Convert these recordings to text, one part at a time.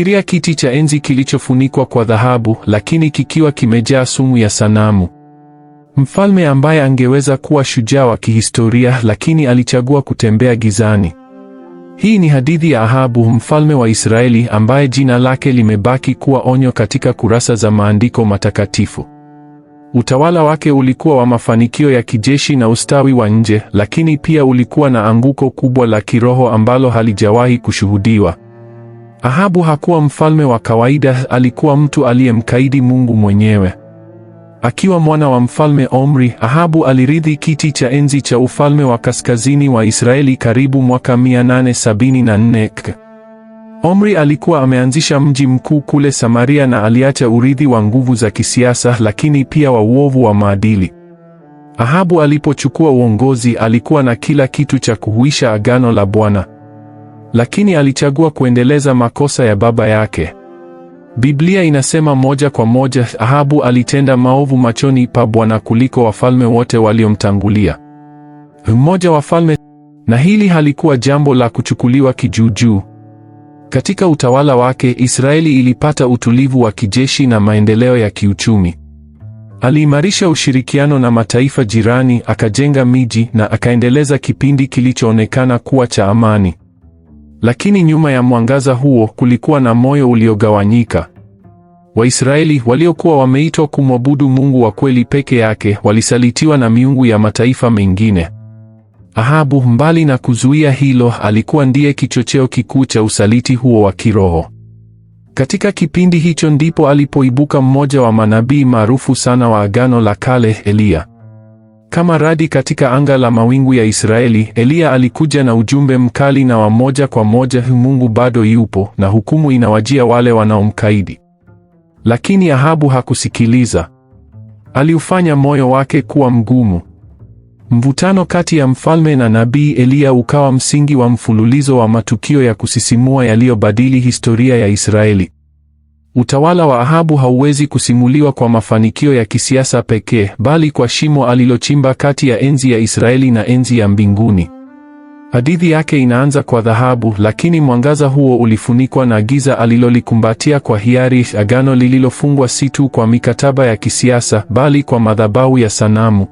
Fikiria kiti cha enzi kilichofunikwa kwa dhahabu, lakini kikiwa kimejaa sumu ya sanamu. Mfalme ambaye angeweza kuwa shujaa wa kihistoria, lakini alichagua kutembea gizani. Hii ni hadithi ya Ahabu, mfalme wa Israeli, ambaye jina lake limebaki kuwa onyo katika kurasa za maandiko matakatifu. Utawala wake ulikuwa wa mafanikio ya kijeshi na ustawi wa nje, lakini pia ulikuwa na anguko kubwa la kiroho ambalo halijawahi kushuhudiwa. Ahabu hakuwa mfalme wa kawaida, alikuwa mtu aliyemkaidi Mungu mwenyewe. Akiwa mwana wa mfalme Omri, Ahabu alirithi kiti cha enzi cha ufalme wa kaskazini wa Israeli karibu mwaka 874. Omri alikuwa ameanzisha mji mkuu kule Samaria na aliacha urithi wa nguvu za kisiasa, lakini pia wa uovu wa maadili. Ahabu alipochukua uongozi, alikuwa na kila kitu cha kuhuisha agano la Bwana lakini alichagua kuendeleza makosa ya baba yake. Biblia inasema moja kwa moja, Ahabu alitenda maovu machoni pa Bwana kuliko wafalme wote waliomtangulia. Mmoja wafalme, na hili halikuwa jambo la kuchukuliwa kijuujuu. Katika utawala wake, Israeli ilipata utulivu wa kijeshi na maendeleo ya kiuchumi. Aliimarisha ushirikiano na mataifa jirani, akajenga miji na akaendeleza kipindi kilichoonekana kuwa cha amani. Lakini nyuma ya mwangaza huo kulikuwa na moyo uliogawanyika. Waisraeli waliokuwa wameitwa kumwabudu Mungu wa kweli peke yake walisalitiwa na miungu ya mataifa mengine. Ahabu, mbali na kuzuia hilo, alikuwa ndiye kichocheo kikuu cha usaliti huo wa kiroho. Katika kipindi hicho ndipo alipoibuka mmoja wa manabii maarufu sana wa Agano la Kale, Eliya. Kama radi katika anga la mawingu ya Israeli, Eliya alikuja na ujumbe mkali na wa moja kwa moja: Mungu bado yupo na hukumu inawajia wale wanaomkaidi. Lakini Ahabu hakusikiliza. Aliufanya moyo wake kuwa mgumu. Mvutano kati ya mfalme na nabii Eliya ukawa msingi wa mfululizo wa matukio ya kusisimua yaliyobadili historia ya Israeli. Utawala wa Ahabu hauwezi kusimuliwa kwa mafanikio ya kisiasa pekee, bali kwa shimo alilochimba kati ya enzi ya Israeli na enzi ya mbinguni. Hadithi yake inaanza kwa dhahabu, lakini mwangaza huo ulifunikwa na giza alilolikumbatia kwa hiari, agano lililofungwa si tu kwa mikataba ya kisiasa, bali kwa madhabahu ya sanamu.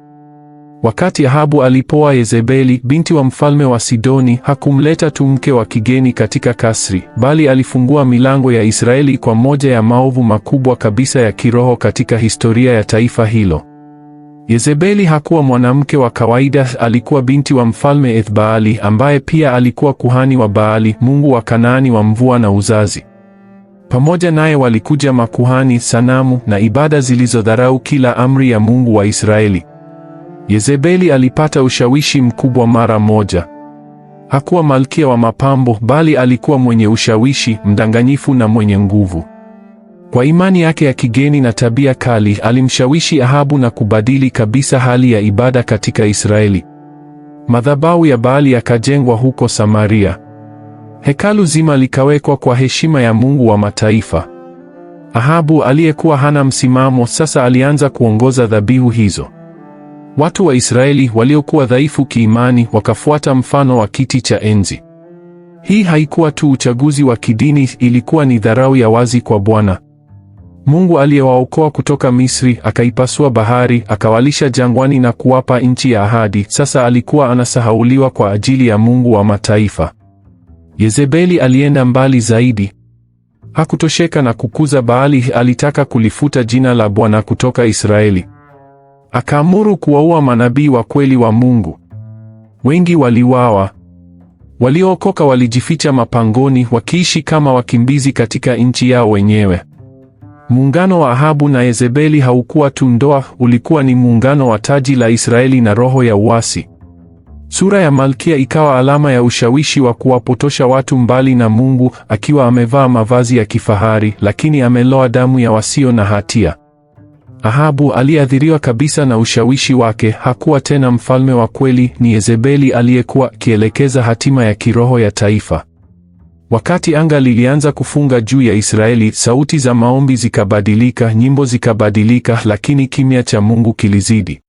Wakati Ahabu alipoa Yezebeli binti wa mfalme wa Sidoni, hakumleta tu mke wa kigeni katika kasri, bali alifungua milango ya Israeli kwa moja ya maovu makubwa kabisa ya kiroho katika historia ya taifa hilo. Yezebeli hakuwa mwanamke wa kawaida, alikuwa binti wa mfalme Ethbaali ambaye pia alikuwa kuhani wa Baali, mungu wa Kanaani wa mvua na uzazi. Pamoja naye walikuja makuhani, sanamu na ibada zilizodharau kila amri ya Mungu wa Israeli. Yezebeli alipata ushawishi mkubwa mara moja. Hakuwa malkia wa mapambo, bali alikuwa mwenye ushawishi, mdanganyifu na mwenye nguvu. Kwa imani yake ya kigeni na tabia kali, alimshawishi Ahabu na kubadili kabisa hali ya ibada katika Israeli. Madhabahu ya Baali yakajengwa huko Samaria. Hekalu zima likawekwa kwa heshima ya Mungu wa mataifa. Ahabu aliyekuwa hana msimamo sasa alianza kuongoza dhabihu hizo. Watu wa Israeli waliokuwa dhaifu kiimani wakafuata mfano wa kiti cha enzi. Hii haikuwa tu uchaguzi wa kidini, ilikuwa ni dharau ya wazi kwa Bwana Mungu aliyewaokoa kutoka Misri, akaipasua bahari, akawalisha jangwani na kuwapa nchi ya ahadi. Sasa alikuwa anasahauliwa kwa ajili ya Mungu wa mataifa. Yezebeli alienda mbali zaidi. Hakutosheka na kukuza Baali, alitaka kulifuta jina la Bwana kutoka Israeli. Akaamuru kuwaua manabii wa kweli wa Mungu. Wengi waliwawa. Waliookoka walijificha mapangoni wakiishi kama wakimbizi katika nchi yao wenyewe. Muungano wa Ahabu na Yezebeli haukuwa tu ndoa, ulikuwa ni muungano wa taji la Israeli na roho ya uasi. Sura ya Malkia ikawa alama ya ushawishi wa kuwapotosha watu mbali na Mungu, akiwa amevaa mavazi ya kifahari, lakini ameloa damu ya wasio na hatia. Ahabu aliyeathiriwa kabisa na ushawishi wake hakuwa tena mfalme wa kweli, ni Yezebeli aliyekuwa akielekeza hatima ya kiroho ya taifa. Wakati anga lilianza kufunga juu ya Israeli, sauti za maombi zikabadilika, nyimbo zikabadilika, lakini kimya cha Mungu kilizidi.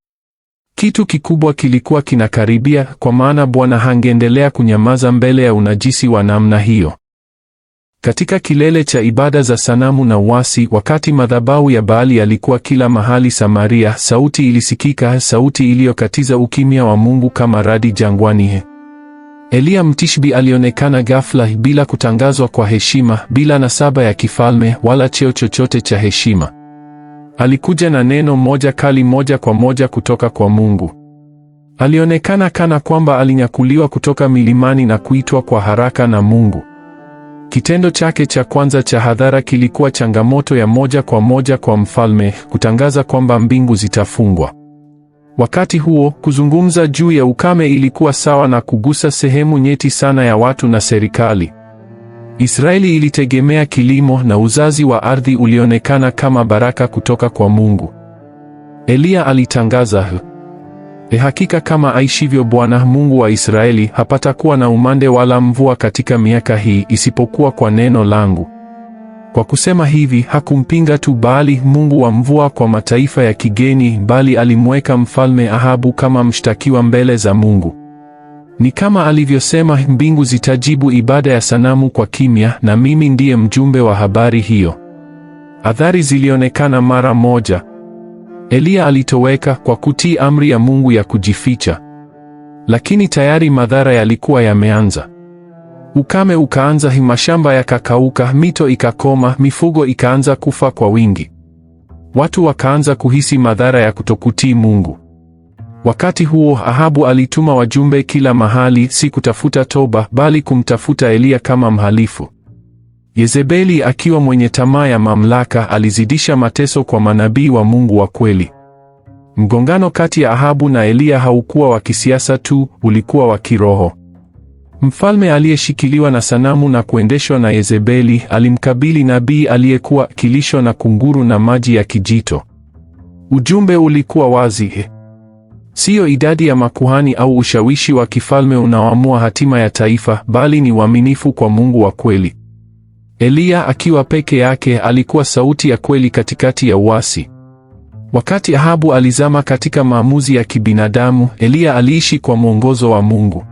Kitu kikubwa kilikuwa kinakaribia, kwa maana Bwana hangeendelea kunyamaza mbele ya unajisi wa namna hiyo. Katika kilele cha ibada za sanamu na uasi, wakati madhabahu ya Baali yalikuwa kila mahali Samaria, sauti ilisikika, sauti iliyokatiza ukimya wa Mungu kama radi jangwani. Eliya Mtishbi alionekana ghafla, bila kutangazwa kwa heshima, bila nasaba ya kifalme wala cheo chochote cha heshima. Alikuja na neno moja kali, moja kwa moja kutoka kwa Mungu. Alionekana kana kwamba alinyakuliwa kutoka milimani na kuitwa kwa haraka na Mungu. Kitendo chake cha kwanza cha hadhara kilikuwa changamoto ya moja kwa moja kwa mfalme, kutangaza kwamba mbingu zitafungwa. Wakati huo, kuzungumza juu ya ukame ilikuwa sawa na kugusa sehemu nyeti sana ya watu na serikali. Israeli ilitegemea kilimo na uzazi wa ardhi ulionekana kama baraka kutoka kwa Mungu. Eliya alitangaza E, hakika kama aishivyo Bwana Mungu wa Israeli, hapatakuwa na umande wala mvua katika miaka hii, isipokuwa kwa neno langu. Kwa kusema hivi hakumpinga tu Baali mungu wa mvua kwa mataifa ya kigeni, bali alimweka mfalme Ahabu kama mshtakiwa mbele za Mungu. Ni kama alivyosema, mbingu zitajibu ibada ya sanamu kwa kimya, na mimi ndiye mjumbe wa habari hiyo. Athari zilionekana mara moja. Eliya alitoweka kwa kutii amri ya Mungu ya kujificha, lakini tayari madhara yalikuwa yameanza. Ukame ukaanza, mashamba yakakauka, mito ikakoma, mifugo ikaanza kufa kwa wingi. Watu wakaanza kuhisi madhara ya kutokutii Mungu. Wakati huo Ahabu alituma wajumbe kila mahali, si kutafuta toba, bali kumtafuta Eliya kama mhalifu. Yezebeli akiwa mwenye tamaa ya mamlaka alizidisha mateso kwa manabii wa Mungu wa kweli. Mgongano kati ya Ahabu na Eliya haukuwa wa kisiasa tu, ulikuwa wa kiroho. Mfalme aliyeshikiliwa na sanamu na kuendeshwa na Yezebeli alimkabili nabii aliyekuwa akilishwa na kunguru na maji ya kijito. Ujumbe ulikuwa wazi. Siyo idadi ya makuhani au ushawishi wa kifalme unaoamua hatima ya taifa, bali ni uaminifu kwa Mungu wa kweli. Eliya akiwa peke yake alikuwa sauti ya kweli katikati ya uasi. Wakati Ahabu alizama katika maamuzi ya kibinadamu, Eliya aliishi kwa mwongozo wa Mungu.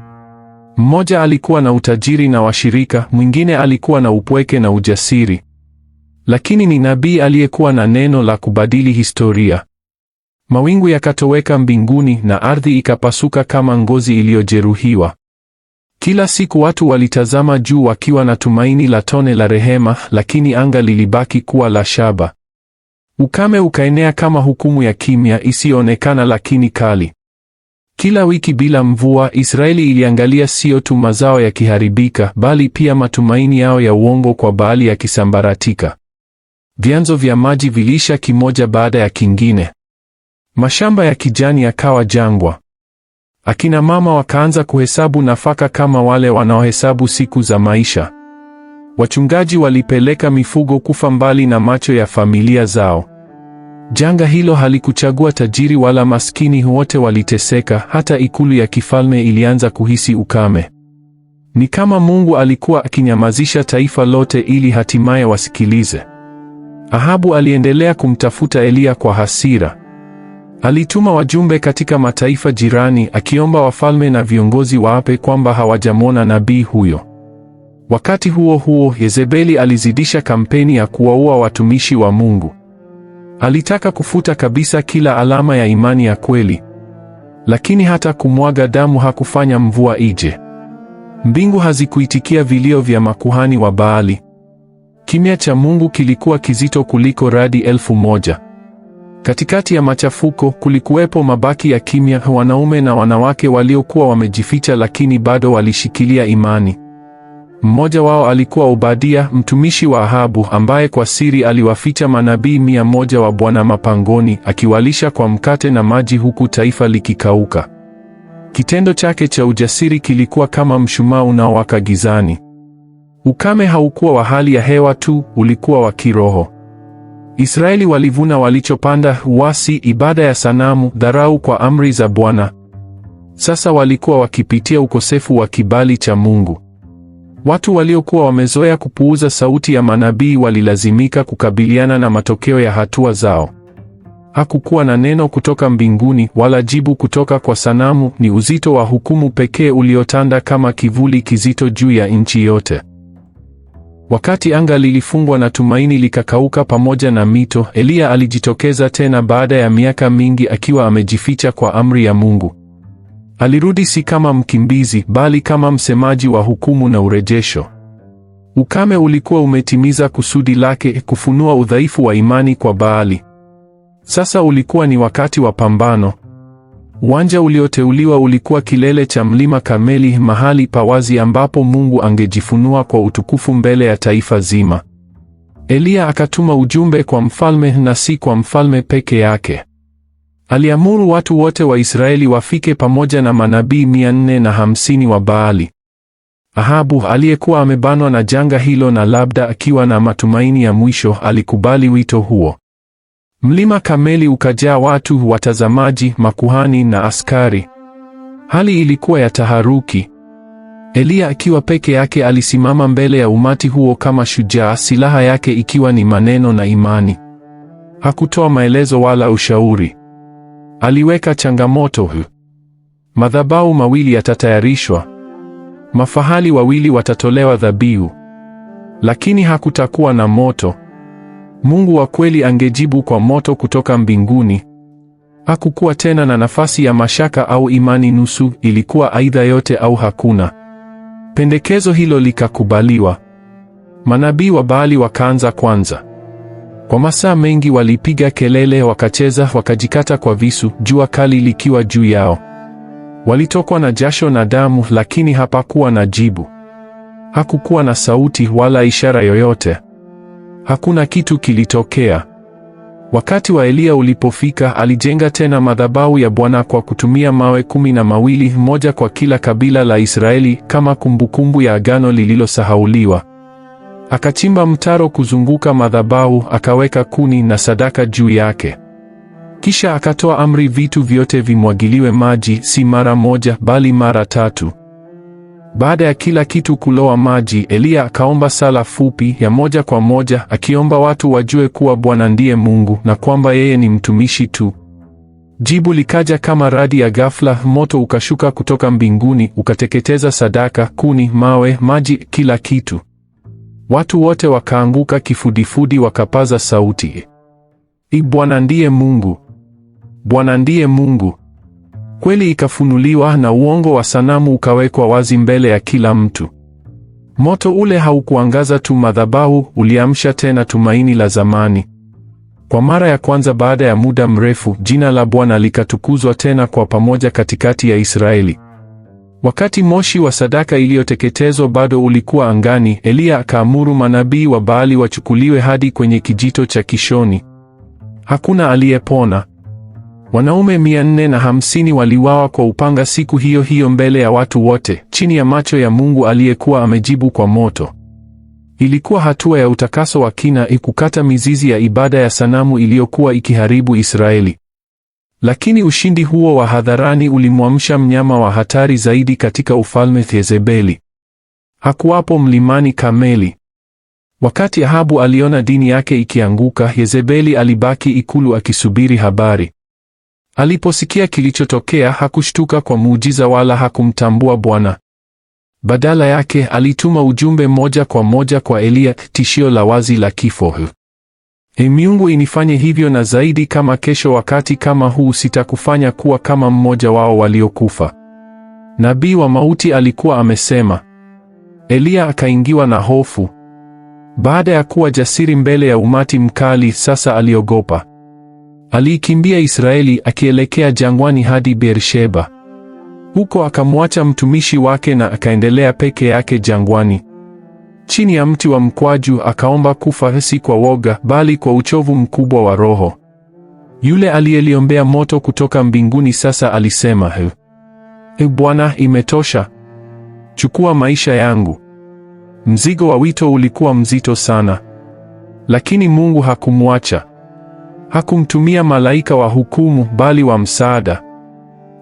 Mmoja alikuwa na utajiri na washirika, mwingine alikuwa na upweke na ujasiri. Lakini ni nabii aliyekuwa na neno la kubadili historia. Mawingu yakatoweka mbinguni na ardhi ikapasuka kama ngozi iliyojeruhiwa. Kila siku watu walitazama juu wakiwa na tumaini la tone la rehema, lakini anga lilibaki kuwa la shaba. Ukame ukaenea kama hukumu ya kimya isiyoonekana lakini kali. Kila wiki bila mvua, Israeli iliangalia sio tu mazao yakiharibika, bali pia matumaini yao ya uongo kwa Baali yakisambaratika. Vyanzo vya maji vilisha kimoja baada ya kingine. Mashamba ya kijani yakawa jangwa. Akina mama wakaanza kuhesabu nafaka kama wale wanaohesabu siku za maisha. Wachungaji walipeleka mifugo kufa mbali na macho ya familia zao. Janga hilo halikuchagua tajiri wala maskini, wote waliteseka. Hata ikulu ya kifalme ilianza kuhisi ukame. Ni kama Mungu alikuwa akinyamazisha taifa lote ili hatimaye wasikilize. Ahabu aliendelea kumtafuta Eliya kwa hasira. Alituma wajumbe katika mataifa jirani akiomba wafalme na viongozi waape kwamba hawajamwona nabii huyo. Wakati huo huo, Yezebeli alizidisha kampeni ya kuwaua watumishi wa Mungu. Alitaka kufuta kabisa kila alama ya imani ya kweli. Lakini hata kumwaga damu hakufanya mvua ije. Mbingu hazikuitikia vilio vya makuhani wa Baali. Kimya cha Mungu kilikuwa kizito kuliko radi elfu moja. Katikati ya machafuko kulikuwepo mabaki ya kimya, wanaume na wanawake waliokuwa wamejificha lakini bado walishikilia imani. Mmoja wao alikuwa Obadia, mtumishi wa Ahabu, ambaye kwa siri aliwaficha manabii mia moja wa Bwana mapangoni, akiwalisha kwa mkate na maji huku taifa likikauka. Kitendo chake cha ujasiri kilikuwa kama mshumaa unaowaka gizani. Ukame haukuwa wa hali ya hewa tu, ulikuwa wa kiroho. Israeli walivuna walichopanda: uasi, ibada ya sanamu, dharau kwa amri za Bwana. Sasa walikuwa wakipitia ukosefu wa kibali cha Mungu. Watu waliokuwa wamezoea kupuuza sauti ya manabii walilazimika kukabiliana na matokeo ya hatua zao. Hakukuwa na neno kutoka mbinguni wala jibu kutoka kwa sanamu; ni uzito wa hukumu pekee uliotanda kama kivuli kizito juu ya nchi yote. Wakati anga lilifungwa na tumaini likakauka pamoja na mito, Eliya alijitokeza tena baada ya miaka mingi akiwa amejificha kwa amri ya Mungu. Alirudi si kama mkimbizi, bali kama msemaji wa hukumu na urejesho. Ukame ulikuwa umetimiza kusudi lake, kufunua udhaifu wa imani kwa Baali. Sasa ulikuwa ni wakati wa pambano. Uwanja ulioteuliwa ulikuwa kilele cha mlima Kameli, mahali pa wazi ambapo Mungu angejifunua kwa utukufu mbele ya taifa zima. Eliya akatuma ujumbe kwa mfalme, na si kwa mfalme peke yake. Aliamuru watu wote wa Israeli wafike pamoja na manabii mia nne na hamsini wa Baali. Ahabu aliyekuwa amebanwa na janga hilo na labda akiwa na matumaini ya mwisho, alikubali wito huo. Mlima Kameli ukajaa watu, watazamaji, makuhani na askari. Hali ilikuwa ya taharuki. Eliya akiwa peke yake alisimama mbele ya umati huo kama shujaa, silaha yake ikiwa ni maneno na imani. Hakutoa maelezo wala ushauri. Aliweka changamoto hu. Madhabahu mawili yatatayarishwa. Mafahali wawili watatolewa dhabihu. Lakini hakutakuwa na moto. Mungu wa kweli angejibu kwa moto kutoka mbinguni. Hakukuwa tena na nafasi ya mashaka au imani nusu, ilikuwa aidha yote au hakuna. Pendekezo hilo likakubaliwa. Manabii wa Baali wakaanza kwanza. Kwa masaa mengi walipiga kelele, wakacheza, wakajikata kwa visu, jua kali likiwa juu yao. Walitokwa na jasho na damu, lakini hapakuwa na jibu. Hakukuwa na sauti wala ishara yoyote hakuna kitu kilitokea. Wakati wa Eliya ulipofika, alijenga tena madhabahu ya Bwana kwa kutumia mawe kumi na mawili, moja kwa kila kabila la Israeli, kama kumbukumbu ya agano lililosahauliwa. Akachimba mtaro kuzunguka madhabahu, akaweka kuni na sadaka juu yake. Kisha akatoa amri vitu vyote vimwagiliwe maji, si mara moja, bali mara tatu. Baada ya kila kitu kuloa maji, Eliya akaomba sala fupi ya moja kwa moja, akiomba watu wajue kuwa Bwana ndiye Mungu na kwamba yeye ni mtumishi tu. Jibu likaja kama radi ya ghafla. Moto ukashuka kutoka mbinguni ukateketeza sadaka, kuni, mawe, maji, kila kitu. Watu wote wakaanguka kifudifudi, wakapaza sauti, Bwana ndiye Mungu! Bwana ndiye Mungu! Kweli ikafunuliwa na uongo wa sanamu ukawekwa wazi mbele ya kila mtu. Moto ule haukuangaza tu madhabahu, uliamsha tena tumaini la zamani. Kwa mara ya kwanza baada ya muda mrefu, jina la Bwana likatukuzwa tena kwa pamoja katikati ya Israeli. Wakati moshi wa sadaka iliyoteketezwa bado ulikuwa angani, Eliya akaamuru manabii wa Baali wachukuliwe hadi kwenye kijito cha Kishoni. Hakuna aliyepona. Wanaume 450 na hamsini waliwawa kwa upanga siku hiyo hiyo mbele ya watu wote, chini ya macho ya Mungu aliyekuwa amejibu kwa moto. Ilikuwa hatua ya utakaso wa kina ikukata mizizi ya ibada ya sanamu iliyokuwa ikiharibu Israeli. Lakini ushindi huo wa hadharani ulimwamsha mnyama wa hatari zaidi katika ufalme Yezebeli. Hakuwapo mlimani Kameli. Wakati Ahabu aliona dini yake ikianguka, Yezebeli alibaki ikulu akisubiri habari. Aliposikia kilichotokea hakushtuka kwa muujiza wala hakumtambua Bwana. Badala yake alituma ujumbe moja kwa moja kwa Eliya, tishio la wazi la kifo. E miungu inifanye hivyo na zaidi, kama kesho wakati kama huu sitakufanya kuwa kama mmoja wao waliokufa. Nabii wa mauti alikuwa amesema. Eliya akaingiwa na hofu. Baada ya kuwa jasiri mbele ya umati mkali, sasa aliogopa. Aliikimbia Israeli akielekea jangwani hadi Beersheba. Huko akamwacha mtumishi wake na akaendelea peke yake jangwani. Chini ya mti wa mkwaju akaomba kufa, si kwa woga, bali kwa uchovu mkubwa wa roho. Yule aliyeliombea moto kutoka mbinguni sasa alisema, E Bwana, imetosha, chukua maisha yangu. Mzigo wa wito ulikuwa mzito sana, lakini Mungu hakumwacha. Hakumtumia malaika wa hukumu, bali wa msaada.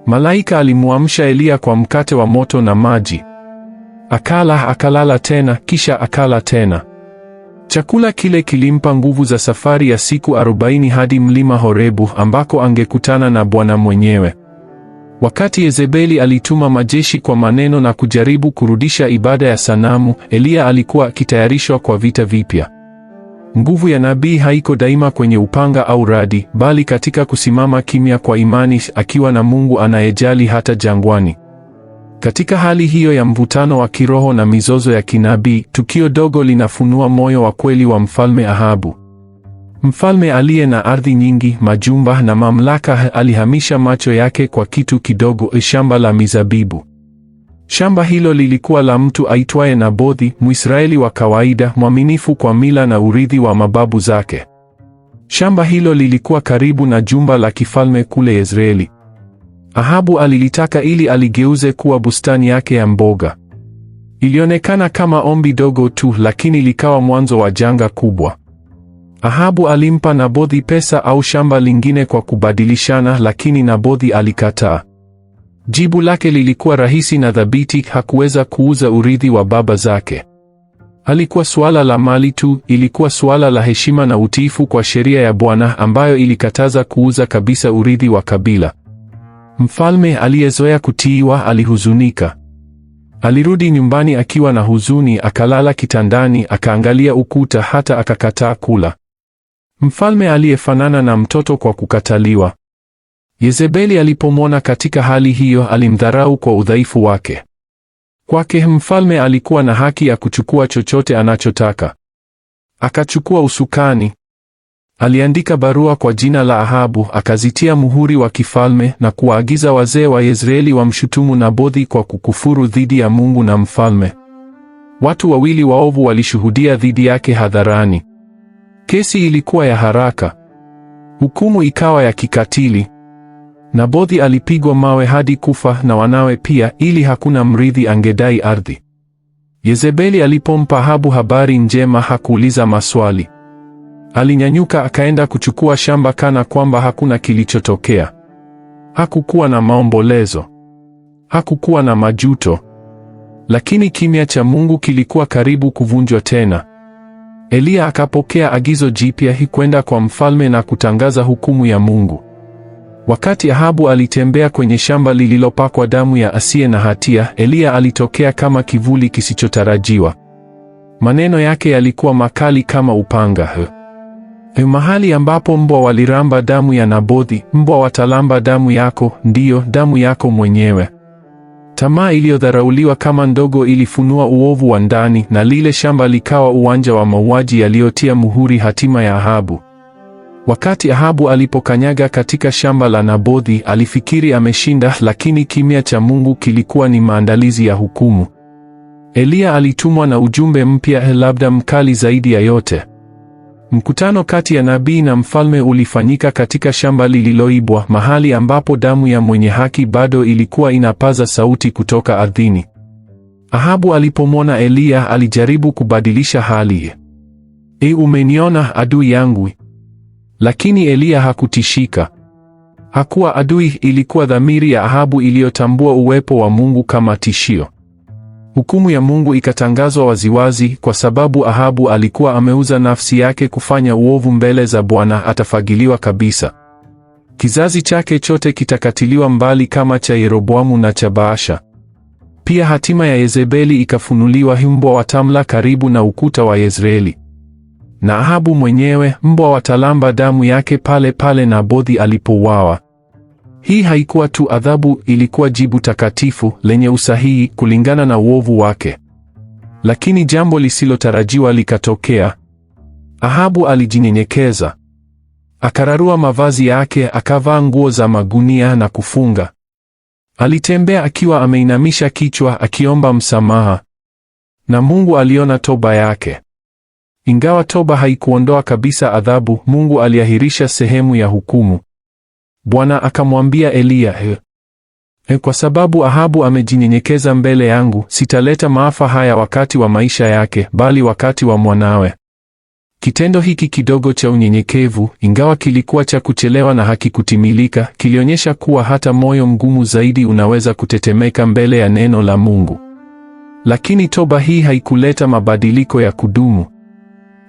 Malaika alimwamsha Eliya kwa mkate wa moto na maji. Akala, akalala tena, kisha akala tena. Chakula kile kilimpa nguvu za safari ya siku arobaini hadi mlima Horebu ambako angekutana na Bwana mwenyewe. Wakati Yezebeli alituma majeshi kwa maneno na kujaribu kurudisha ibada ya sanamu, Eliya alikuwa akitayarishwa kwa vita vipya. Nguvu ya nabii haiko daima kwenye upanga au radi, bali katika kusimama kimya kwa imani, akiwa na Mungu anayejali hata jangwani. Katika hali hiyo ya mvutano wa kiroho na mizozo ya kinabii, tukio dogo linafunua moyo wa kweli wa Mfalme Ahabu. Mfalme aliye na ardhi nyingi, majumba na mamlaka, alihamisha macho yake kwa kitu kidogo, shamba la mizabibu. Shamba hilo lilikuwa la mtu aitwaye Nabothi, Mwisraeli wa kawaida, mwaminifu kwa mila na urithi wa mababu zake. Shamba hilo lilikuwa karibu na jumba la kifalme kule Israeli. Ahabu alilitaka ili aligeuze kuwa bustani yake ya mboga. Ilionekana kama ombi dogo tu, lakini likawa mwanzo wa janga kubwa. Ahabu alimpa Nabothi pesa au shamba lingine kwa kubadilishana, lakini Nabothi alikataa. Jibu lake lilikuwa rahisi na thabiti: hakuweza kuuza urithi wa baba zake. Halikuwa suala la mali tu, ilikuwa suala la heshima na utiifu kwa sheria ya Bwana ambayo ilikataza kuuza kabisa urithi wa kabila. Mfalme aliyezoea kutiiwa alihuzunika. Alirudi nyumbani akiwa na huzuni, akalala kitandani, akaangalia ukuta, hata akakataa kula. Mfalme aliyefanana na mtoto kwa kukataliwa. Yezebeli alipomwona katika hali hiyo, alimdharau kwa udhaifu wake. Kwake mfalme alikuwa na haki ya kuchukua chochote anachotaka. Akachukua usukani. Aliandika barua kwa jina la Ahabu, akazitia muhuri wa kifalme na kuwaagiza wazee wa Yezreeli wamshutumu Nabothi kwa kukufuru dhidi ya Mungu na mfalme. Watu wawili waovu walishuhudia dhidi yake hadharani. Kesi ilikuwa ya haraka. Hukumu ikawa ya kikatili. Nabothi alipigwa mawe hadi kufa na wanawe pia, ili hakuna mrithi angedai ardhi. Yezebeli alipompa Ahabu habari njema hakuuliza maswali. Alinyanyuka akaenda kuchukua shamba kana kwamba hakuna kilichotokea. Hakukuwa na maombolezo, hakukuwa na majuto, lakini kimya cha Mungu kilikuwa karibu kuvunjwa tena. Eliya akapokea agizo jipya, hikwenda kwa mfalme na kutangaza hukumu ya Mungu. Wakati Ahabu alitembea kwenye shamba lililopakwa damu ya asiye na hatia, Eliya alitokea kama kivuli kisichotarajiwa. Maneno yake yalikuwa makali kama upanga. Mahali ambapo mbwa waliramba damu ya Nabothi, mbwa watalamba damu yako, ndiyo damu yako mwenyewe. Tamaa iliyodharauliwa kama ndogo ilifunua uovu wa ndani, na lile shamba likawa uwanja wa mauaji yaliyotia muhuri hatima ya Ahabu. Wakati Ahabu alipokanyaga katika shamba la Nabothi, alifikiri ameshinda, lakini kimya cha Mungu kilikuwa ni maandalizi ya hukumu. Eliya alitumwa na ujumbe mpya, labda mkali zaidi ya yote. Mkutano kati ya nabii na mfalme ulifanyika katika shamba lililoibwa, mahali ambapo damu ya mwenye haki bado ilikuwa inapaza sauti kutoka ardhini. Ahabu alipomwona Eliya alijaribu kubadilisha hali. E, umeniona adui yangu? Lakini Eliya hakutishika. Hakuwa adui, ilikuwa dhamiri ya Ahabu iliyotambua uwepo wa Mungu kama tishio. Hukumu ya Mungu ikatangazwa waziwazi, kwa sababu Ahabu alikuwa ameuza nafsi yake kufanya uovu mbele za Bwana, atafagiliwa kabisa. Kizazi chake chote kitakatiliwa mbali kama cha Yeroboamu na cha Baasha. Pia hatima ya Yezebeli ikafunuliwa, mbwa wa Tamla karibu na ukuta wa Yezreeli. Na Ahabu mwenyewe, mbwa watalamba damu yake pale pale Nabothi alipouawa. Hii haikuwa tu adhabu, ilikuwa jibu takatifu lenye usahihi kulingana na uovu wake. Lakini jambo lisilotarajiwa likatokea. Ahabu alijinyenyekeza, akararua mavazi yake, akavaa nguo za magunia na kufunga. Alitembea akiwa ameinamisha kichwa, akiomba msamaha, na Mungu aliona toba yake. Ingawa toba haikuondoa kabisa adhabu, Mungu aliahirisha sehemu ya hukumu. Bwana akamwambia Eliya, e, e, kwa sababu Ahabu amejinyenyekeza mbele yangu, sitaleta maafa haya wakati wa maisha yake, bali wakati wa mwanawe. Kitendo hiki kidogo cha unyenyekevu, ingawa kilikuwa cha kuchelewa na hakikutimilika, kilionyesha kuwa hata moyo mgumu zaidi unaweza kutetemeka mbele ya neno la Mungu. Lakini toba hii haikuleta mabadiliko ya kudumu.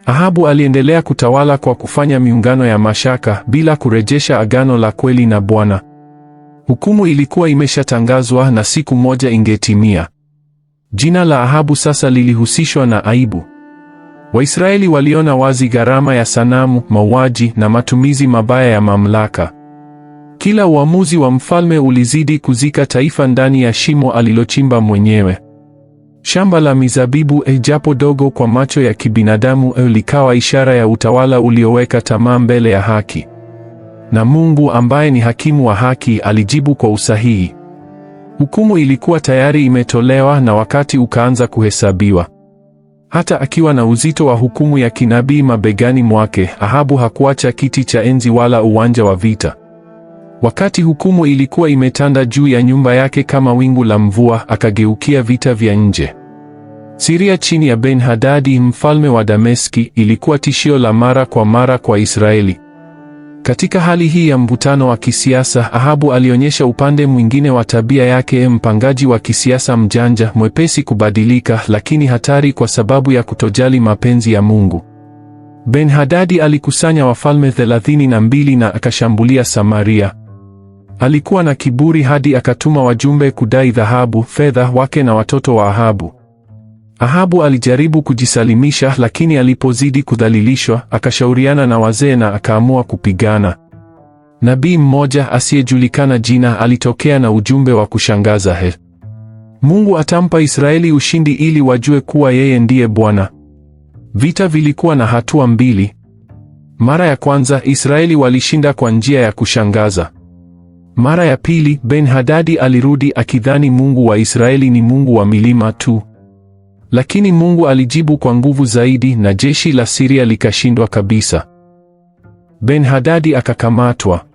Ahabu aliendelea kutawala kwa kufanya miungano ya mashaka bila kurejesha agano la kweli na Bwana. Hukumu ilikuwa imeshatangazwa na siku moja ingetimia. Jina la Ahabu sasa lilihusishwa na aibu. Waisraeli waliona wazi gharama ya sanamu, mauaji na matumizi mabaya ya mamlaka. Kila uamuzi wa mfalme ulizidi kuzika taifa ndani ya shimo alilochimba mwenyewe. Shamba la mizabibu ejapo dogo kwa macho ya kibinadamu e, likawa ishara ya utawala ulioweka tamaa mbele ya haki, na Mungu ambaye ni hakimu wa haki alijibu kwa usahihi. Hukumu ilikuwa tayari imetolewa na wakati ukaanza kuhesabiwa. Hata akiwa na uzito wa hukumu ya kinabii mabegani mwake, Ahabu hakuacha kiti cha enzi wala uwanja wa vita. Wakati hukumu ilikuwa imetanda juu ya nyumba yake kama wingu la mvua, akageukia vita vya nje. Siria chini ya Ben Hadadi mfalme wa Dameski ilikuwa tishio la mara kwa mara kwa Israeli. Katika hali hii ya mvutano wa kisiasa, Ahabu alionyesha upande mwingine wa tabia yake, mpangaji wa kisiasa mjanja, mwepesi kubadilika, lakini hatari kwa sababu ya kutojali mapenzi ya Mungu. Ben Hadadi alikusanya wafalme 32 na na akashambulia Samaria. Alikuwa na kiburi hadi akatuma wajumbe kudai dhahabu, fedha, wake na watoto wa Ahabu. Ahabu alijaribu kujisalimisha, lakini alipozidi kudhalilishwa akashauriana na wazee na akaamua kupigana. Nabii mmoja asiyejulikana jina alitokea na ujumbe wa kushangaza he, Mungu atampa Israeli ushindi ili wajue kuwa yeye ndiye Bwana. Vita vilikuwa na hatua mbili. Mara ya kwanza Israeli walishinda kwa njia ya kushangaza. Mara ya pili Ben Hadadi alirudi akidhani Mungu wa Israeli ni Mungu wa milima tu. Lakini Mungu alijibu kwa nguvu zaidi na jeshi la Siria likashindwa kabisa. Ben-Hadadi akakamatwa.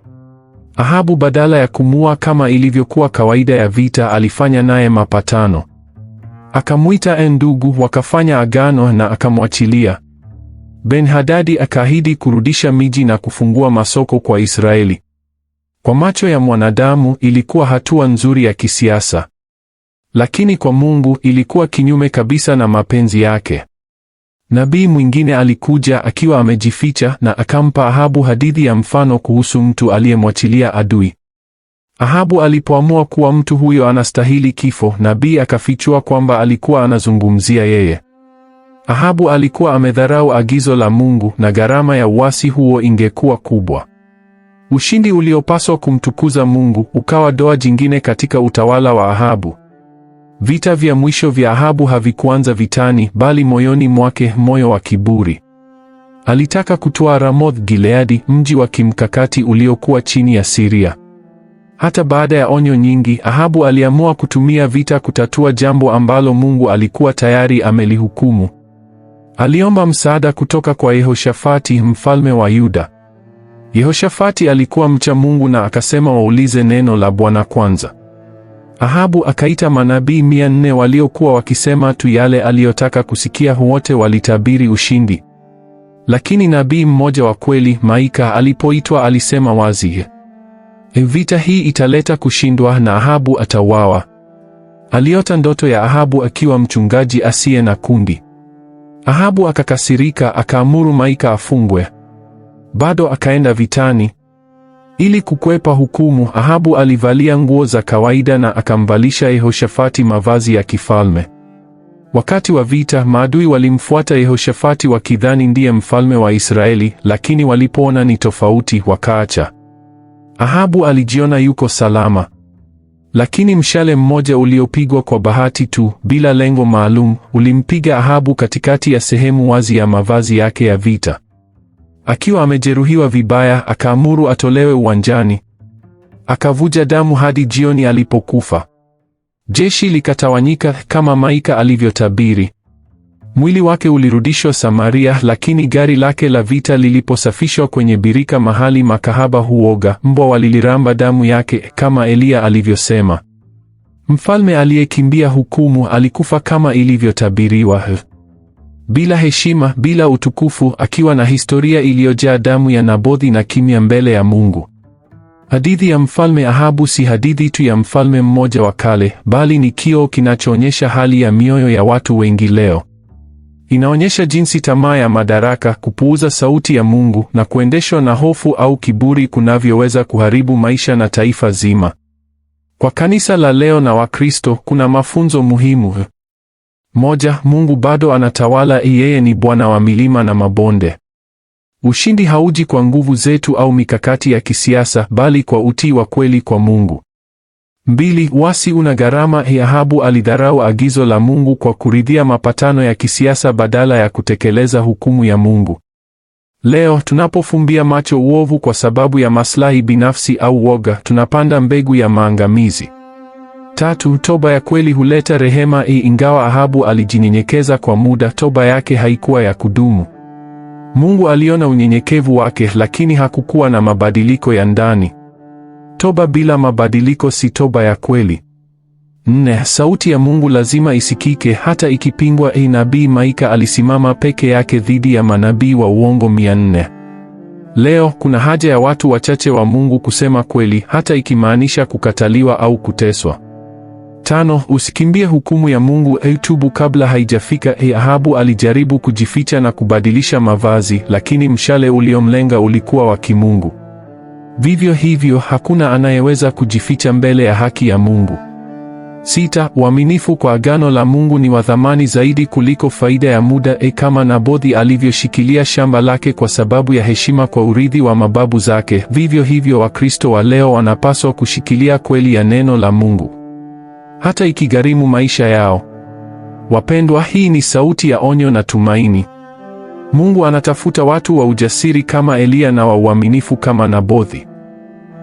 Ahabu badala ya kumua kama ilivyokuwa kawaida ya vita, alifanya naye mapatano. Akamwita e ndugu, wakafanya agano na akamwachilia. Ben-Hadadi akaahidi kurudisha miji na kufungua masoko kwa Israeli. Kwa macho ya mwanadamu ilikuwa hatua nzuri ya kisiasa, lakini kwa Mungu ilikuwa kinyume kabisa na mapenzi yake. Nabii mwingine alikuja akiwa amejificha na akampa Ahabu hadithi ya mfano kuhusu mtu aliyemwachilia adui. Ahabu alipoamua kuwa mtu huyo anastahili kifo, nabii akafichua kwamba alikuwa anazungumzia yeye. Ahabu alikuwa amedharau agizo la Mungu na gharama ya uasi huo ingekuwa kubwa. Ushindi uliopaswa kumtukuza Mungu ukawa doa jingine katika utawala wa Ahabu. Vita vya mwisho vya Ahabu havikuanza vitani, bali moyoni mwake, moyo wa kiburi. Alitaka kutoa Ramoth Gileadi, mji wa kimkakati uliokuwa chini ya Siria. Hata baada ya onyo nyingi, Ahabu aliamua kutumia vita kutatua jambo ambalo Mungu alikuwa tayari amelihukumu. Aliomba msaada kutoka kwa Yehoshafati, mfalme wa Yuda. Yehoshafati alikuwa mcha Mungu na akasema waulize neno la Bwana kwanza. Ahabu akaita manabii mia nne waliokuwa wakisema tu yale aliyotaka kusikia, wote walitabiri ushindi. Lakini nabii mmoja wa kweli, Maika, alipoitwa alisema wazi, e, vita hii italeta kushindwa na Ahabu atauawa. Aliota ndoto ya Ahabu akiwa mchungaji asiye na kundi. Ahabu akakasirika, akaamuru Maika afungwe. Bado akaenda vitani. Ili kukwepa hukumu, Ahabu alivalia nguo za kawaida na akamvalisha Yehoshafati mavazi ya kifalme. Wakati wa vita, maadui walimfuata Yehoshafati wakidhani ndiye mfalme wa Israeli, lakini walipoona ni tofauti, wakaacha. Ahabu alijiona yuko salama. Lakini mshale mmoja uliopigwa kwa bahati tu bila lengo maalum ulimpiga Ahabu katikati ya sehemu wazi ya mavazi yake ya vita. Akiwa amejeruhiwa vibaya, akaamuru atolewe uwanjani. Akavuja damu hadi jioni alipokufa. Jeshi likatawanyika kama Maika alivyotabiri. Mwili wake ulirudishwa Samaria, lakini gari lake la vita liliposafishwa kwenye birika mahali makahaba huoga, mbwa waliliramba damu yake kama Eliya alivyosema. Mfalme aliyekimbia hukumu alikufa kama ilivyotabiriwa bila heshima, bila utukufu, akiwa na historia iliyojaa damu ya Nabothi na kimya mbele ya Mungu. Hadithi ya Mfalme Ahabu si hadithi tu ya mfalme mmoja wa kale, bali ni kioo kinachoonyesha hali ya mioyo ya watu wengi leo. Inaonyesha jinsi tamaa ya madaraka, kupuuza sauti ya Mungu na kuendeshwa na hofu au kiburi kunavyoweza kuharibu maisha na taifa zima. Kwa kanisa la leo na Wakristo kuna mafunzo muhimu. Moja, Mungu bado anatawala, yeye ni Bwana wa milima na mabonde. Ushindi hauji kwa nguvu zetu au mikakati ya kisiasa, bali kwa utii wa kweli kwa Mungu. Mbili, wasi una gharama. Yahabu alidharau agizo la Mungu kwa kuridhia mapatano ya kisiasa badala ya kutekeleza hukumu ya Mungu. Leo tunapofumbia macho uovu kwa sababu ya maslahi binafsi au woga, tunapanda mbegu ya maangamizi. Tatu, toba ya kweli huleta rehema. Ingawa Ahabu alijinyenyekeza kwa muda, toba yake haikuwa ya kudumu. Mungu aliona unyenyekevu wake, lakini hakukuwa na mabadiliko ya ndani. Toba bila mabadiliko si toba ya kweli. Nne, sauti ya Mungu lazima isikike hata ikipingwa. Nabii Maika alisimama peke yake dhidi ya manabii wa uongo mia nne. Leo kuna haja ya watu wachache wa Mungu kusema kweli hata ikimaanisha kukataliwa au kuteswa. Tano, usikimbie hukumu ya Mungu. aitubu kabla haijafika. Ahabu alijaribu kujificha na kubadilisha mavazi, lakini mshale uliomlenga ulikuwa wa kimungu. Vivyo hivyo, hakuna anayeweza kujificha mbele ya haki ya Mungu. Sita, uaminifu kwa agano la Mungu ni wa thamani zaidi kuliko faida ya muda. E, kama Nabothi alivyoshikilia shamba lake kwa sababu ya heshima kwa urithi wa mababu zake, vivyo hivyo Wakristo wa leo wanapaswa kushikilia kweli ya neno la Mungu hata ikigharimu maisha yao. Wapendwa, hii ni sauti ya onyo na tumaini. Mungu anatafuta watu wa ujasiri kama Eliya na wa uaminifu kama Nabothi.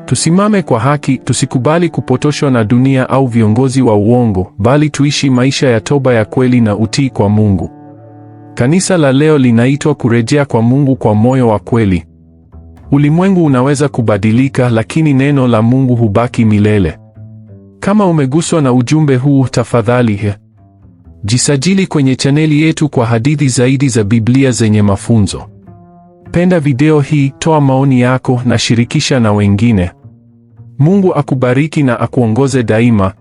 Tusimame kwa haki, tusikubali kupotoshwa na dunia au viongozi wa uongo, bali tuishi maisha ya toba ya kweli na utii kwa Mungu. Kanisa la leo linaitwa kurejea kwa Mungu kwa moyo wa kweli. Ulimwengu unaweza kubadilika, lakini neno la Mungu hubaki milele. Kama umeguswa na ujumbe huu, tafadhali jisajili kwenye chaneli yetu kwa hadithi zaidi za Biblia zenye mafunzo. Penda video hii, toa maoni yako na shirikisha na wengine. Mungu akubariki na akuongoze daima.